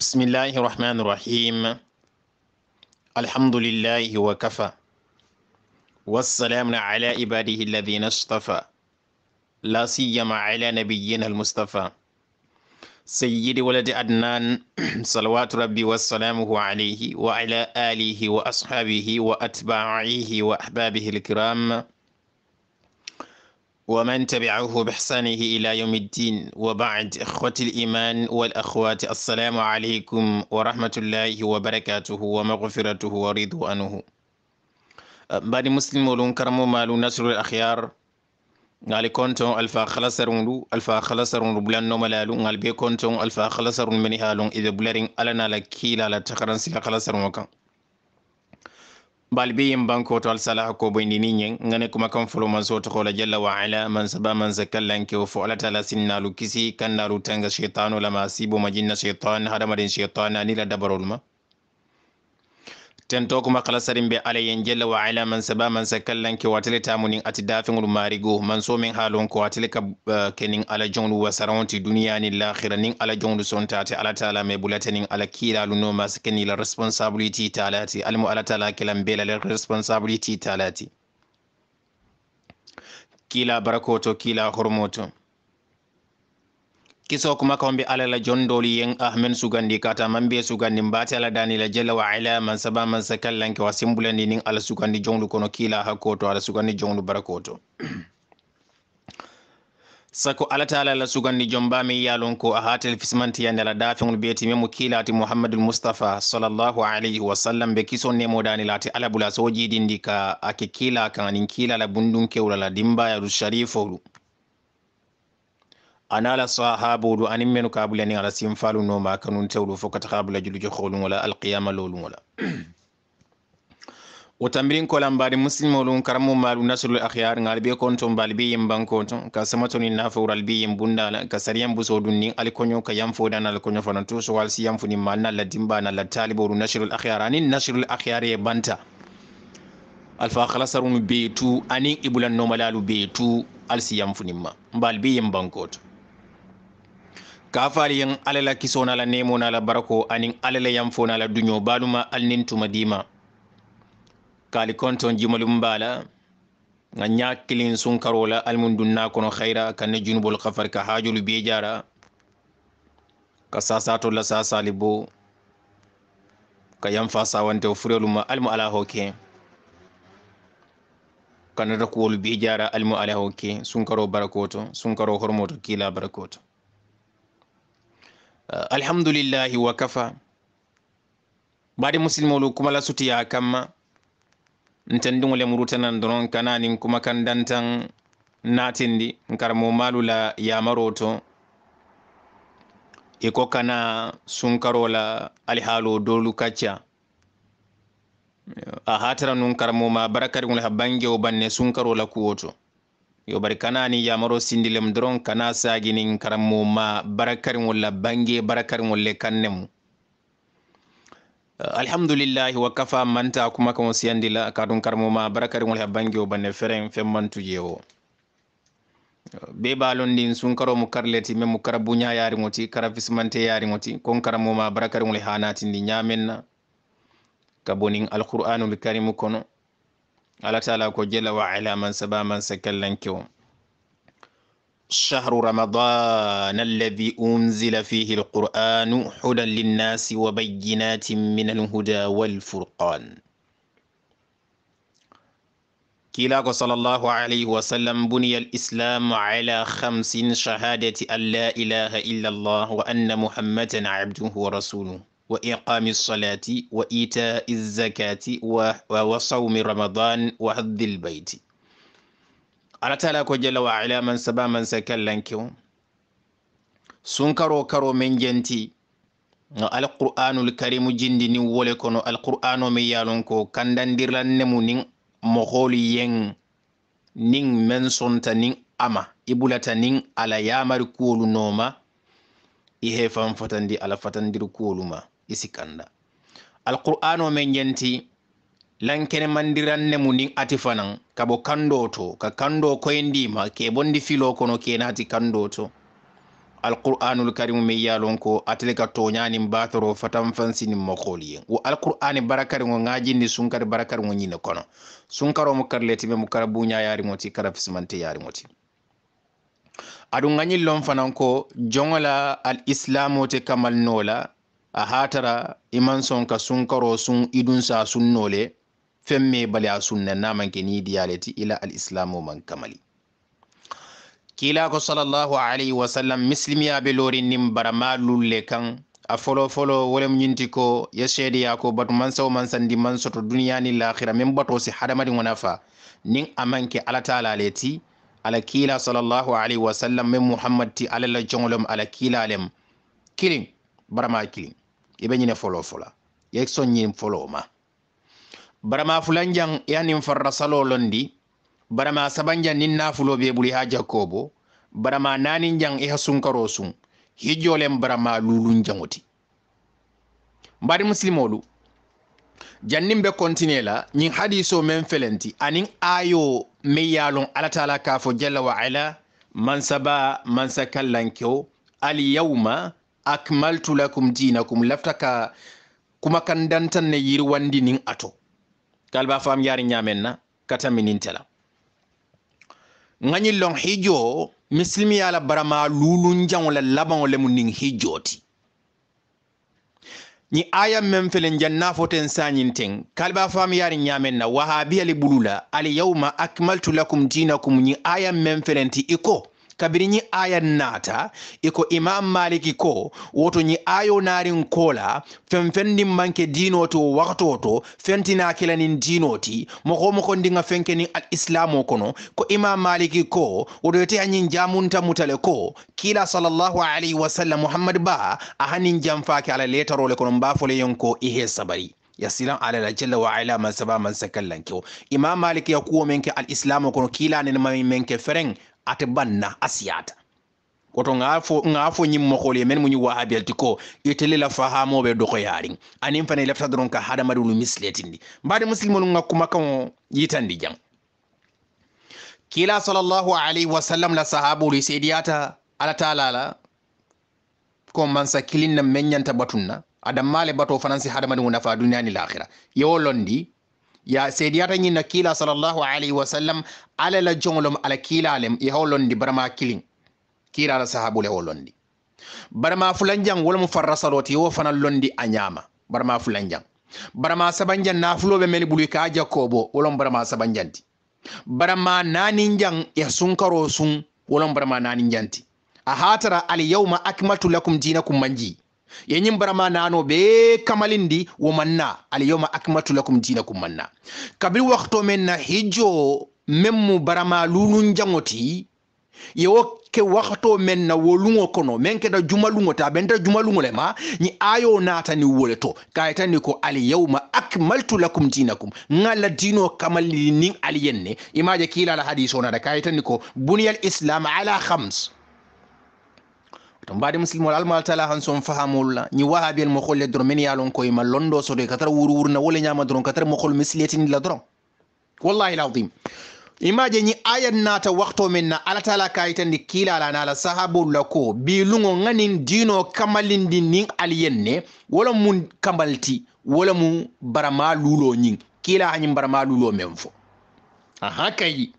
بسم الله الرحمن الرحيم الحمد لله وكفى والسلام على عباده الذين اصطفى لا سيما على نبينا المصطفى سيدي ولد عدنان صلوات ربي وسلامه عليه وعلى آله وأصحابه وأتباعه وأحبابه الكرام ومن تبعه بإحسانه إلى يوم الدين وبعد إخوة الإيمان والأخوات السلام عليكم ورحمة الله وبركاته ومغفرته ورضو ورضوانه بعد مسلم ولون كرمو مالو نشر الأخيار غالي كونتون ألفا خلصرون لو ألفا خلصرون لو بلان نوم لالو غالبي كونتون ألفا خلصرون منها لون إذا بلارين ألنا لكي لا لتخرن سلا خلاصرون وكان balbiyin bankoto alsalaha ko boyndi ni ñeng ngane kuma kam folo man soto xola jalla wa ala man saba man sakallanke o fo ala tala sinnalu kisi kannalu tanga shaytanu lama sibo majinna shaytan hadamaden shaytan anila dabarol ma tento kuma kalasarin be ala yen jella wa ala man saba man sakallan ke watele tamunin ati dafin ul marigo man so min halon ko watele ka eh, kenin ala jonglu wa sarawti duniya ni lakhira nin ala jonglu son tati ala taala me bulatanin ala kila lu no mas kenni la responsibility talati almu ala taala kelam be la responsibility talati kila barakoto kila hormoto kiso kuma kawon bi alala jondoli yen ahmen sugandi kata man sugandi mbati ala dani la jalla wa ala man saba man sakallan ke wasimbulandi nin ala sugandi jonglu kono kila hakoto ala sugandi jonglu barakoto sako ala taala la sugandi jombami yalon ko a hatel fismantiyande ala dafeŋol beeti kila kiilati muhammadul mustafa sallallahu alayhi wa sallam be kison nemodani laati ala bula so jidindi ka ake kila kan anin la bundun kewla la ya sharifolu ana la sahabuɗo anin men ka ala sinfalu noma kanun tewɗo fo kata habula julujo hoolum wala alqiyama lolum wala o tambirin kolan mbaɗi musilmo ɗum karamo maɗu nasrul ahyar ngal ɓe kon ton mbal ɓe ka samatoni nafawral ɓe yim bundala ka sariyan buso ɗum nin alkoño ka yamfodan alkoño fana to sowal si yamfuni ma nalla dimba nalla taliboru nasrul ahyar anin nasrul ahyar e banta alfa halasarum ɓe tu anin ibulannoma lalu ɓe tu alsi yamfunimma mbal ɓe yim k'a fali yin alala kiso na la nemo na la barako anin alala yanfo na la dunyo baluma alnin tumadima kali konton jimalum nga ñakkilin sunkaro la almundun na kono khayra kanne junubol khafar ka hajulu be jara ka sasato la sasali bo ka yanfa sawante o almu ala hoke kanata kuwolu be almu ala hoke sunkaro barakoto sunkaro hormoto kila barakoto Uh, alhamdulillahi wa kafa bari musilmolu kuma la sutiya kamma ntendiŋo le murutanan doron kana nin kuma kan dantan natindi nkaramo malu la yamaro to i ko kana sunkaro la alihaalo dolu kacca uh, a hatara nun karamo ma barakariŋo le ha bangewo banne sunkaro la kuwo to yo bari yamaro sindilem doron kana sagini karanmu ma barakariŋol la bange barakariŋol le kannemu uh, alhamdulillahi wa kafa manta kuma kan wasu yandi la kadun karmo ma barakarin wal habangi o banne feren fen mantu yewo uh, be balon sun karo mu karleti me mu kara bunya yari ngoti kara fismante yari ngoti kon karmo ma barakarin wal hanatin din nyamen na kabonin alqur'anul karim kono ala taala ko jela wa ala man saba man sakallankiwo شهر رمضان الذي أنزل فيه القرآن حدا للناس وبينات من الهدى والفرقان كلاك صلى الله عليه وسلم بني الإسلام على خمس شهادة أن لا إله إلا الله وأن محمدا عبده ورسوله wa iqami salati wa itai zakati wa, wa, wa saumi ramadan wa haddi lbayti ala taala ko jalla wa ala man saba man sa kallankewo sunkaro karo men jenti no alqur'anul karimu jindi nin wole kono alqur'ano mi yalon ko kandandirlan nemu nin moholu yen nin men sonta nin ama i nin ala yamari kuwolu nooma i fatandi ala fatandiri kuwolu isikanda alqur'ano men yanti lankene mandiranne mu ndin ati fanan kabo kando to ka kando koyendima ke bondi filo kono kenati kando to alqur'anul karimu min yalon ko atele ka toñanin batoro fatan fansinin mokoli yen wo alqur'ani barakariŋo ŋajindi sunkari barakariŋo ñine kono sunkaro mu karletime mu kara buña yariŋo ti kara fisimante yariŋo ti aduŋ lon fanan ko joŋo al islamo te kamal no a hatara iman son ka sun karo sun idun sa sun nole fen me bale a sunna na man ke ni diyaleti ila al man kamali kila ko sallallahu alaihi wa sallam muslimiya be lori nin barama lulle kan a folo folo wolem ñinti ko ye seedeya ko batu mansawo mansandi man soto duniya ni lahira min bato si hadamadiŋo nafa nin amanke manke ala taala le ti ala kiila salallahu alaihi wa sallam min muhammad ti ala la joŋolem ala kiila lem kiliŋ barama kiliŋ ibe ñine folo fula ye soññin foloma barama fulanjan yani farra salo londi barama sabanjan nin nafulo be buli haja kobo barama nanin jan e karo sun hijolen barama lulun jangoti mbari muslimolu jannin be kontine la ñin hadiso men felenti anin ayo meyalon yalon alatala kafo jalla wa ala man saba man sakallankewo akmaltu lakum dinakum lafta ka kuma kan dantan ne yirwandi nin ato kalba fam yari nyamen na kata minintela ngani long hijo mislimi yala barama lulun jangola laban le mun nin hijoti ni aya men felen janna foten sanyinten kalba fam yari nyamen na wahabi ali bulula al yawma akmaltu lakum dinakum ni aya men felenti iko kabiri nyi aya naata iko imam maliki ko woto nyi ayo narin kola fen fenndin manke dino to wakto to fentina kelanin dino ti moko moko ndinga fenkeni al islamo kono ko imam maliki ko woto yete hanyin jamunta mutale ko kila sallallahu alaihi wasallam muhammad ba a hanin ala letarole kono mbafole yonko ihe sabari yasilan alala jalla wa ala man saba man sakallan kyau imam malik ya kuwo menke al islamu kono kila ne menke fereng ate banna asiyata koto nga fo ñim moxole men muñu wahabiyalti ko itele la fahamo be doxoyarin anin fana lafta doron ka lu misletindi mbade muslimolu nga kuma kan yitandi jang kila sallallahu alaihi wasallam la li sidiyata ala talala ko mansa kilin na menyanta batunna adam male bato fanansi hadamadolu nafa duniyani lakhirah yo londi ya seediyata ñinna kiila salllahu alayhi wa sallam ala la joŋolom ala kiilalem e howlondi barama kilin kiilala sahabule o londi barama fulanjan wala mu farrasaloti wo fana londi a ñama barama fulanjan barama sabanjan nafuloɓe mel ɓuuri ka jakkobo wolon barama sabanjanti barama naninjan ya sunkaro sun wolon barama naninjanti a hatara yawma akmaltu lakum dinakum manji yenyim barama nano be kamalindi manna alyoma akmatu lakum dinakum manna kabil wakto men na hijo memmu barama lunun jangoti yewo ke wakto men na wolungo kono men keda jumalungo ta benta jumalungo le ma ni ayo nata ni wole to kayta ni ko alyoma akmaltu lakum dinakum ngala dino kamalini al imaje kila al hadith ona da kayta ni ko bunyal islam ala khams to mbaɗi musilmol almal tala han son fahamulla ñi wahabiyel mo holle doron men yalon koyema londo tara katara wurwurna wole ñama doron ka tara mo hol la doron wallahi ladim imaje ñi ayat nata waxto men na ala tala kayitandi kilala nala sahabulla ko bilugo ganin dino kamalindi nin aliyenne wala mun kamalti wala mu barama lulo ñin kila hañin barama lulo men fo aha kayi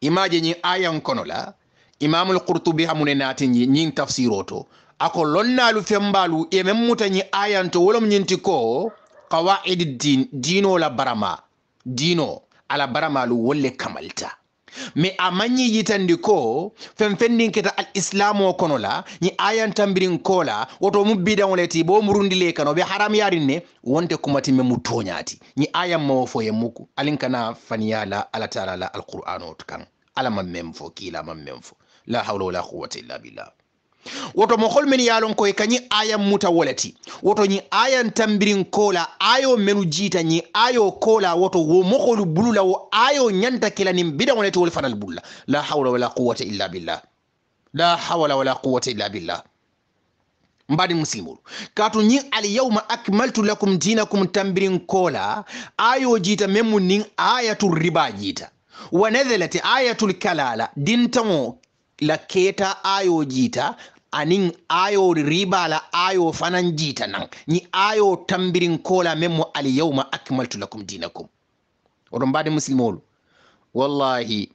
imaje ñi ayan kono la imamul qurtubi amune natinji ñin tafsiro to ako lonnalu fembalu e men mutañi ayanto wolom ñinti ko qawaid din dino la barama dino ala baramalu wolle kamalta mi a mañi yitandi ko fen fendinketa al islamu o kono la ñi ayantambirin ko la woto mu bidanwole ti bo murundile kano ɓe haram yarin ne wonte kumatime mu toñati ñi ayan mawo fo ye muku alinkana faniyala ala taala la alqur'an o kan ala man men fo kiila man fo la hawla wala quwwata illa billah woto mo holmen yaalon koye kañi ayan muta wolati woto ñi ayan tambirin kola ayo menu jiita ñi ayo kola woto wo moholu bulula wo ayo ñanta kilanin bidaŋoneti wol fanal bulla la hawla wala quwwata illa billah la hawla wala quwwata illa billah mbadi musimol katu ñin alyawma akmaltu lakum dinakum tambirin kola ayo jiita memu mu niŋ ayatul riba jiita wa nadhalat ayatul kalala dintamo la keta ayo jiita anin ayo riba la ayo fanan jita nan ñi ayo tambirinkola men mo yawma akmaltu lakum dinakum odon mbaade muslimol wallahi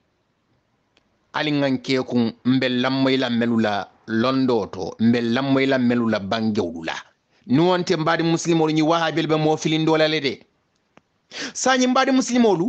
aliŋanke kun mbe lammoyla melu londo to mbe lammoyla melu la bangewɗu wonte nuwonte mbaade musilimolu ñi wahabel ɓe mo filindola le de sañi mbaade musilimolu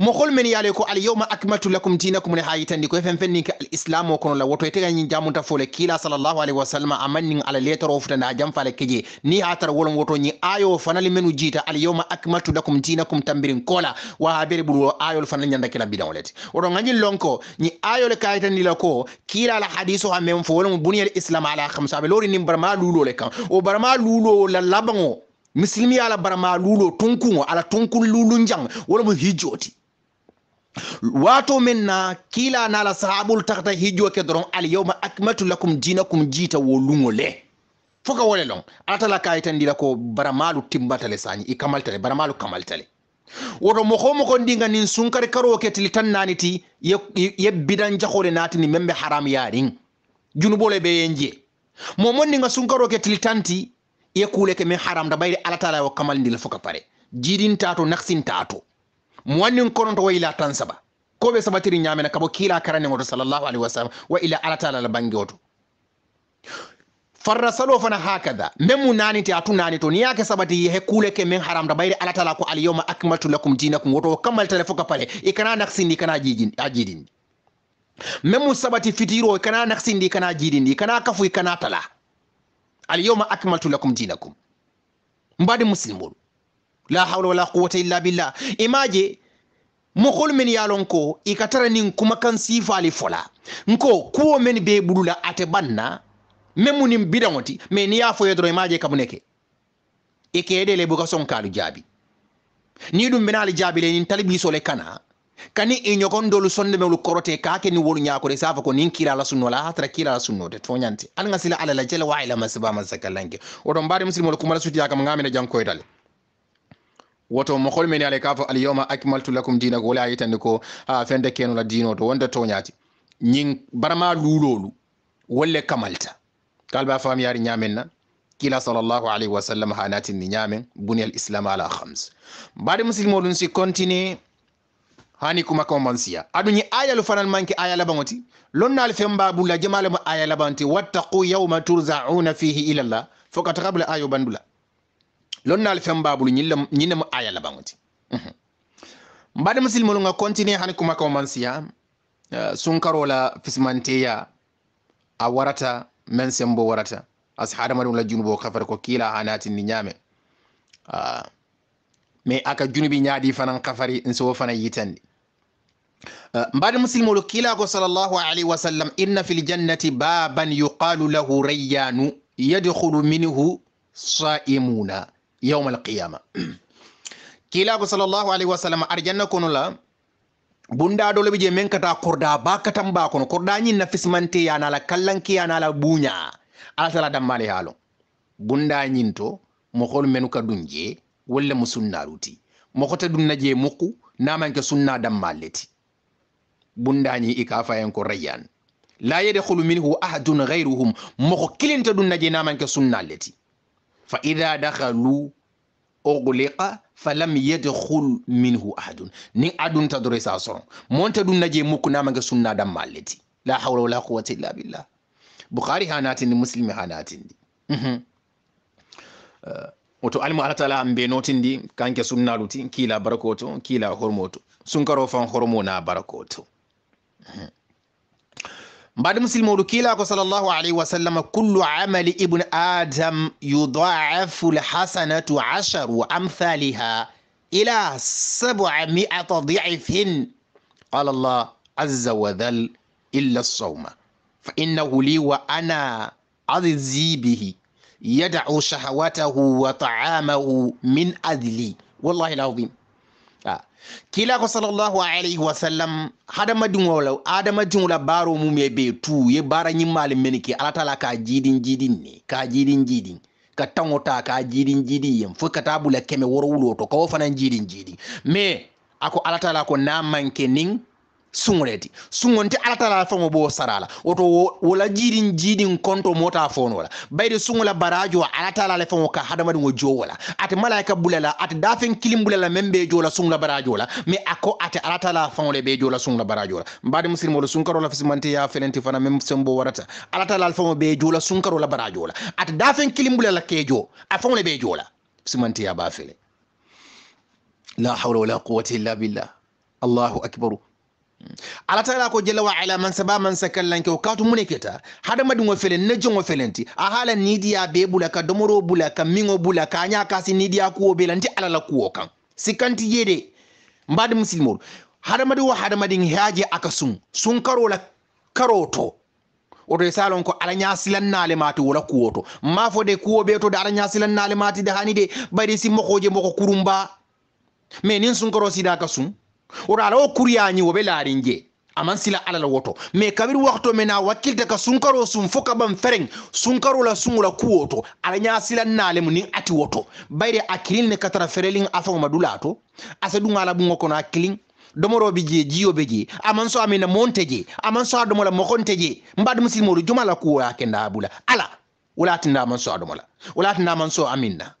mohol men yaale ko alyawma akmaltu lakum dinakum ne hayitandi koye fenfen fenninke al islam o kono la woto e tegañi jamunta fole kiila sallllahu alayhi wa sallam ala letoro o futande jam fale keje ni ha tara wolon woto ñi ayo fanali menu jiita alyawma akmaltu lakum dinakum tambirin kola wa ha bere ɓuuro ayol fanali ñanda kila bidan olete oɗon lonko ñi ayole kayitandi la ko kiila ala hadis ha men fo wolon buniyal islam ala hamsa be lori nin barama le kan o barama lulo la laban misilimi ala barama lulo tunkuŋo ala tunkun lulu jaŋ wolomo hijjoti wato minna kila nala sahabul takta hijuwa ke doron al yawma akmatu lakum dinakum jita wolungo le foka wole long alata la kayitan ndila ko baramalu timbatale le sani i kamaltale baramalu kamaltale woto moko moko ndinga nin sunkari karo ke tili tan nani ti ye, ye bidan jakole nati ni membe haram yarin junubole be yenje momon ndinga sunkaro ke tili tanti ye kuleke ke min haram da bayri alata kamal ndila foka pare jidin tato naksin tato wannin koronto wa ila tan saba ko ɓe sabatiri ñamena kabo kila karani ngoto sallallahu alaihi wa sallam wa ila alatala la bange oto farra salo fana hakada memu nani nanite atu nani to ni sabati he kule ke men haramta bayri ala tala ko al yawma akmaltu lakum dinakum woto kamal tale foka pale ikana naksindi kana jijin ajidin memu sabati fitiro ikana naksindi kana jidin kana kafu kana tala al yawma akmaltu lakum dinakum mbadi muslimu la hawla wala quwwata illa billah imaje mokol men ye lon ko i ka tara nin kumakan sifaali fo la nko kuwo men be bulula ate banna men mu nin bidaŋo ma ni ye fo ye doroŋ i maje kamu ke i ke de buka soŋ kaalu jaabi ni dum bena ali jaabi le nin talibiso le kana kani i ɲɔgɔn dolu sonde mewlu kɔrɔte k'a ke ni wolu ɲakore s'a fɔ ko nin kira la sunno la a tara la sunno de toñante ali ŋa sila ala la jala wa ila masaba masakalanke o ɗon mbaade musilimolu kumala sutiya kam ŋa jankoy dal woto mo holmeni ala ka fo alyawma akmaltu lakum dinakum wala yitande ko ha fende kenola dino to wonde toñaati ñin barama luulolu wolle kamalta kalba fam yaari ñamen na kila sallllahu alayhi wasallam sallam ha natinni buni al islam ala hams mbaɗe musilmoɗum si continue hani kuma kama mansiya aɗuñi ayalu fanan manke aya laɓagoti lonnal femba bulla jamale mo aya laɓanti wattaqu yawma turzauna fihi ilallah foka takabula ayo bandula lonnal fembabulu ñinnemo aya labaŋoti mbaɗa mhm. musilmolu nga continue hani kuma kawo man siya eh, sunkaro la fismanteya a warata men sembo warata asi hadamadiŋo la junubo khafar ko kila kiila hanatinni ñaame ah, mais aka junubi ñaadi fanan en so fana yitandi eh, mbaɗa musilmolu kila ko sallallahu alaihi wasallam inna fi ljannati baban yuqalu lahu rayyanu yadkhulu minhu sa'imuna yawm alqiyama kiilaako sallllahu alayhi wa sallam arjanna kono la bunda ɓe je men kata korda ba katan ba kono kordañin nafismante yanala kallanke yanala buña ala tala dammale haalo bundañin to mohol menu ka ɗum je walla mo sunnaruti mokote ɗum na je mukku namanke sunna dammalleti bundañi i ka fayen ko rayyan la yadkhulu minhu ahadun gayruhum moko kilinta ɗum na je namanke sunnalleti فإذا دخلوا أغلق falam yadkhul minhu ahadun nin adun ta sa soron monta dun naje muku na maga sunna dan malleti la hawla wala quwwata illa billah bukhari hanatin muslimi hanatin di wato mhm. uh, almu ala taala an benotin di kanke sunna luti kila barakoto kila hormoto sun karo fan hormo na barakoto mhm. بعد مسلم وركيلا صلى الله عليه وسلم كل عمل ابن آدم يضاعف الحسنة عشر أمثالها إلى سبعمائة ضعف قال الله عز وجل إلا الصوم فإنه لي وأنا أزي به يدع شهواته وطعامه من أذلي والله العظيم kila ko sallallahu alayhi wa sallam hadamadiŋo la hadamadiŋo la baaro mum ye be tu ye bara ñimmaali meni ke ala tala ka jidin jiidin ne ka jiidin jiidin ka taŋo ka jiidin jiidin yen fo ka bula keme woro wuloo to kawo fanan jiidin jiidin mais ako ala tala ko naa manke niŋ suŋoleti suŋonti la faŋo bo sarala woto wola jiidin jiidin konto mota fonola bayde suŋola barajo alatala la faŋo ka hadamadiŋo jowola ate malayika bulala ate dafeŋ kilim bulala meŋ be jola suŋla barajo la mais ako ate la faŋo le be jola suŋla barajo la mbaade musilimolu sunkaro la fisimante ya felenti fana meŋ sembo warata la faŋo be jola sunkaro la barajo la ate dafeŋ kilim bulala kejo a faŋo le be jola simantiya ba fele la hawla wala quwata illa billah allahu akbaru ala tala ko jalla wa ala man saba man sakallanke o katu mune keta hadamadiŋo felen ne joŋo felenti a hala nidiya be bula ka domoro bula ka miŋo bula ka a ɲa kasi nidiya kuwo be la ala la kuwo kaŋ sikkanti ye de mbadi musilimoru hadamadi wo hadamadiŋ heaje a ka suŋ suŋ karo la karo to woto salon ko ala ñasilannale mati wola kuwo to ma fo de kuwo ɓe to de ala ñasilannale mati de hani bari si mokoje moko kurumba mais nin sunkaro sida ka suŋ ora alawo kuryañi wo ɓe laarinje aman sila la woto mais kabir wakto mena wakkilta ka sunkaro sun fo ka ban fereng sunkaro la sungula kuwo to ala nya sila nalemu nin ati woto bayde akilin ne katara ferelin afago madulato asa dunga la bungo kono akilin domoroɓe je jiyoɓe je aman so amina monte je aman so adomola mokonte je juma la kuwa kuwoya kenda bula ala wolatinda aman so adomola wolatinda aman so aminna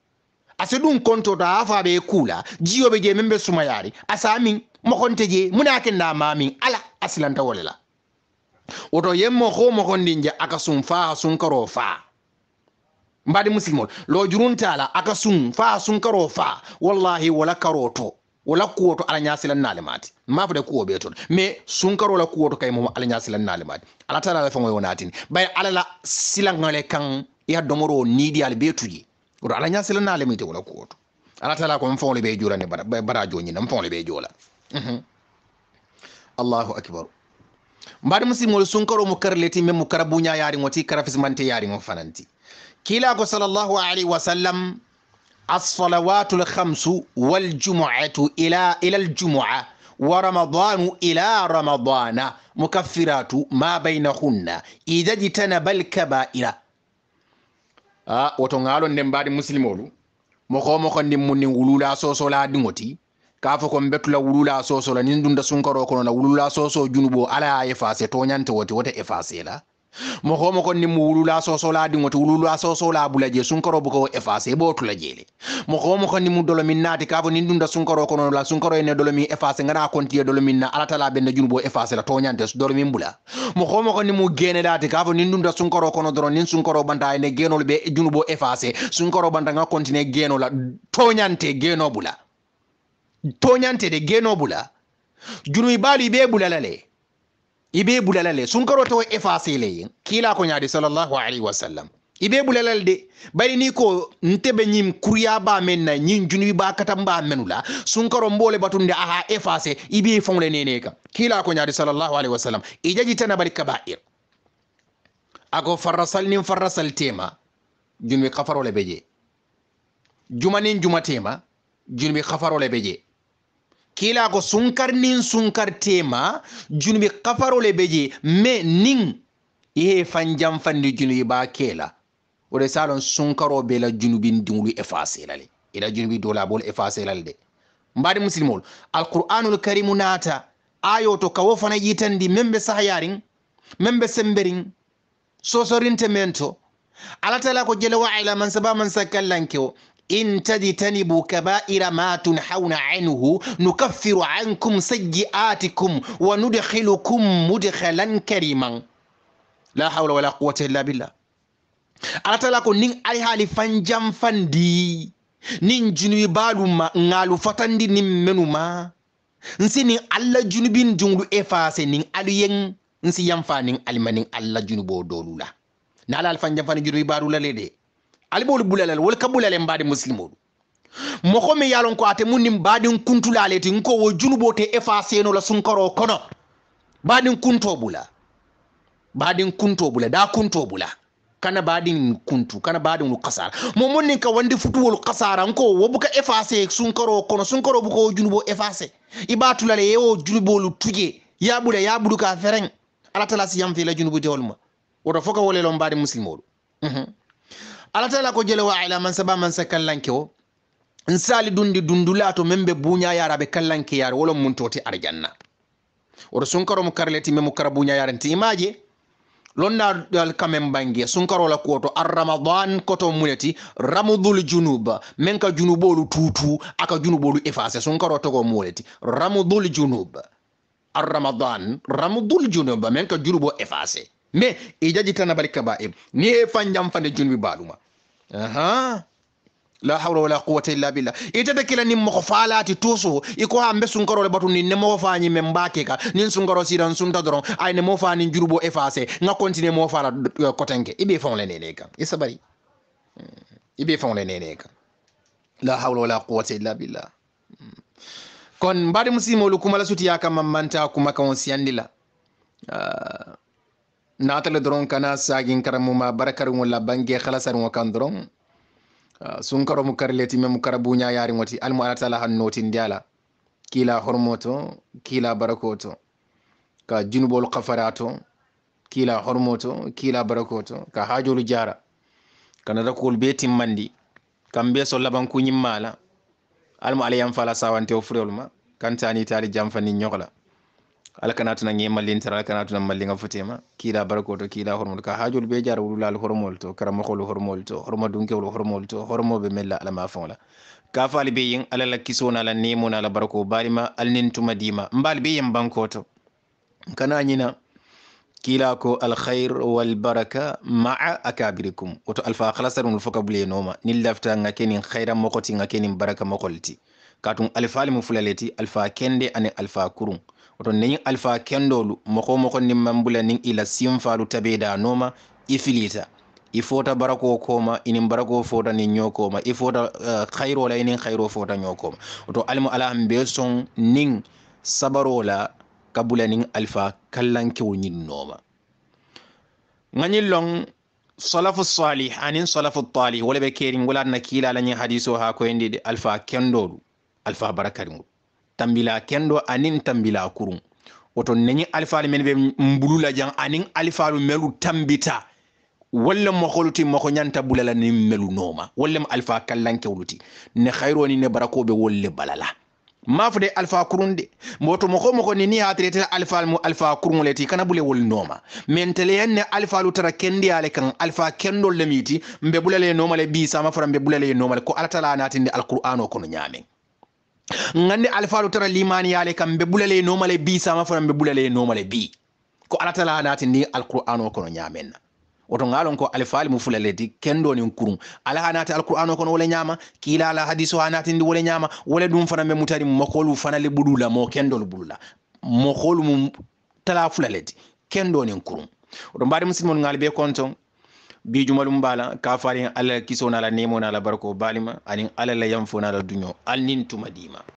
asa ɗum kontoto a afaɓe e kuula jiyoɓe je membe sumayari asa amin mokonte je munaken na mamin ala asilanta wole la woto yemmo ho mokondinja aka sun faha sun karo faa mbaɗi musilmol lo juruntala aka sun fa sun karo fa wallahi wala karoto wala kuwoto ala ñasilan nale mati mafude kuwo ɓe toon mais sun karo la kuwoto kay momo ala ñasilan nale mati ala tala la fengoyo natini bay e ala la silangale kan ya domoro niidi ala ɓe tuji oto nale mite wala kuwoto ala tala ko n fewle ɓe jolani bara joñina n fewle ɓe jola allahu akbar mbaɗi musidmol sunkaro mo karleti min mo kara buña yariŋo ti kara fismante yariŋo fananti kila ko sallllahu alayhi wa sallam الصلوات الخمس والجمعة إلى إلى الجمعة ورمضان إلى رمضان مكفرات ما بينهن إذا اجتنب الكبائر آه وتنغالون نمبار مسلمولو مخو مخو نمو نغلو لا سوسو لا دموتي k'a fɔ ko n bɛ tila wulula soso la ni n dunda sunkaro kɔnɔ na wulula soso junubo ala y'a efase tɔɲante wote wote efase la mɔgɔ mɔgɔ ni mu wulula soso la dingo wote wulula soso la bulaje sunkaro bɛ k'o efase i b'o tila jele mɔgɔ mɔgɔ ni mu dolomi naati k'a fɔ ni n dunda sunkaro kɔnɔ la sunkaro ye ne dolomi efase n kana kɔntiye dolomi na ala tala bɛ ne junubo efase la tɔɲante dolomi bula mɔgɔ mɔgɔ ni mu gene daati k'a fɔ ni n dunda sunkaro kɔnɔ dɔrɔn ni sunkaro banta ne genol bɛ junubo efase sunkaro banta nga ka kɔntine geno la tɔɲante geno bula de geno bula junu baalu i bee bulala le i bee bulala le sunkaro to effacé le yin kila ko nyaade sallallahu alayhi wa sallam i bee de bari ni ko nte be ñin kuriya ba men na ñin junubi ba kata ba menula sunkaro mboole batunde aha effacé i fonle faŋo nene kam kila ko nyaade sallallahu alaihi wa sallam tana bari kaba'ir ako farrasal nim farrasal tema junu kafaro le beje jumanin jumatema junu kafaro le beje kila ko sunkar nin sunkar tema junubi kafarole be je me nin ihe fanjam fandi junubi ba kela o salon sunkaro be la junubi dingulu efase lale ila junubi dola bol efase lale de mbadi muslimol alqur'anul karimu nata ayo to kawo fana yitandi membe sahayarin membe semberin sosorinte mento ala tala ko jele wa ila man saba man sakallanke in tajtanibu kabaira ma tunhauna anhu nukaffiru ankum sayiatikum wa nudkhilukum mudkhalan kariman la hawla wala quwwata illa billah ala tala ko nin ali hali fanjam fandi nin junubi baluma ngalu fatandi nin menuma nsi nin alla junubin junglu efase nin aliyen nsi yamfa nin alima alla junubo dolula na fanjam alfanjam fani junubi balula lede alibolu bulalal wol ka bulale mbaade muslimoɗu mokomi yalon ko ate mun nin mbaɗin kuntulaleti n ko wo junubo te efacenola sunkaro kono mbaɗin kunto bula mbaɗin kunto bula da kunto bula kana mbaɗin kuntu kana mbaɗin kasara mo mon nin ka wandi futuwol kasara n ko wobuka efacé sunkaro kono sunkaro buko wo junubo efacé iɓa tulale yewo junubolu tuƴe ya ɓuɗa ya ɓuɗu ka fereng alatala si yamfila junubu teholma woto foka wolelo mbaɗi muslimoɗu mm -hmm. ala tala ko jele wa ila man saba man sa kallanke o sali dundi dundulato men be buña yara be kallanke yara wolo mun toti arjanna oto sunkaro mo karleti men mo kara buña yara nti imaje lonna dal kamen bange sunkaro la koto ar ramadan koto muneti ramudul junub men ka junubolu tutu aka junubolu efase sunkaro ko muleti ramudul junub ar ramadan ramudul junub men ka junubo efase me jaji tana bal kaba'ir ni e fanjam fande junbi baluma aha la hawla wala quwwata illa billah itata kila nin moko faalati tusu iko ha mbe sunkarole batu nin ne mo fañi men mbake ka nin sunkaro siran sunta doron ay ne mo fani jurubo effacé nga continue mo faala uh, kotenke ibe le nene isa bari hmm. ibe fonle nene kan la hawla wala quwwata illa billah hmm. kon mbaɗi musimolu kumala sutiya kamma mamanta kuma kan siyandi uh, ah natale doron kana sagin karamu ma barakar wala bange khalasar wa kan doron ah, sun karo mu me mu karabu nya yari wati almu ala tala hannotin diala kila hormoto kila barakoto ka junubol kafarato kila hormoto kila barakoto ka hajolu jara kana rakol be timmandi kambe so laban kunyim almu ala yan sawante o furelma kantani tali jamfani nyogla ala kana tuna ngi mallin tara ala kana tuna mallinga futema kila barkoto kila hormol ka hajol be jar wulal hormol to karamo khol hormol to horma dunke wol hormol to hormo be mella ala ma fonla ka fali be yin ala la kisona ala nemo na ala barako balima al nin tuma dima mbal be yin bankoto kana nyina kila ko al khair wal baraka ma'a akabirikum wato alfa khalasarun fuka bule noma nil dafta ngakenin khaira mokoti ngakenin baraka mokolti katun alfa limu fulaleti alfa kende ane alfa kurun oto nayin alfa kendolu moko moko nin mambula nin ila sinfalu tabe da noma ifilita ifota barako koma inin barako fota nin ñokoma ifota uh, la inin khayro fota ñokoma oto almu ala han son nin sabaro kabula nin alfa kallankewo ñin noma ŋañin lon salafu salih anin salafu talih wala be kerin wala na kila la hadiso ha koyendi alfa kendolu alfa barakariŋol tambila kendo anin tambila kurun woto neñi alifaalu men ɓe mbulula jang anin alifaalu melu tambita walla mo mo ko nyanta bulala ni melu noma walla alfa alfa wuluti ne hayroni ne barako be wolle balala mafude alpha kurunde moto mo mo ko moko ni nini hatirete alfa mu alfa kurun leti kana bule wol noma men mentele yanne alfa lu tara kendi ale kan alfa kendo lemiti mbe bulale noma le bi sama fara mbe bulale noma ko alatala natinde alqur'ano no nyame ngande alfalu tara limaniyale kam be bulale nomale bi sama fana be bulale nomale bi ko alatala naati ni alqur'an ko kono nyamen woto ngalon ko alfaali mu fulale di kendo ni kurun ala ha naati alqur'an kono wole nyama kila ala hadiso ha naati ndi wole ñama wole dum fana be mutari mokolu fana le budula mo kendol ɓuɗula mokolu mu tala fulale di kendo ni kurun oto mbaɗi musimon ngal be konton bi jumalum bala ka farin ala kiso na la nemo na la barko balima anin ala la yamfona na la dunyo alnin tumadima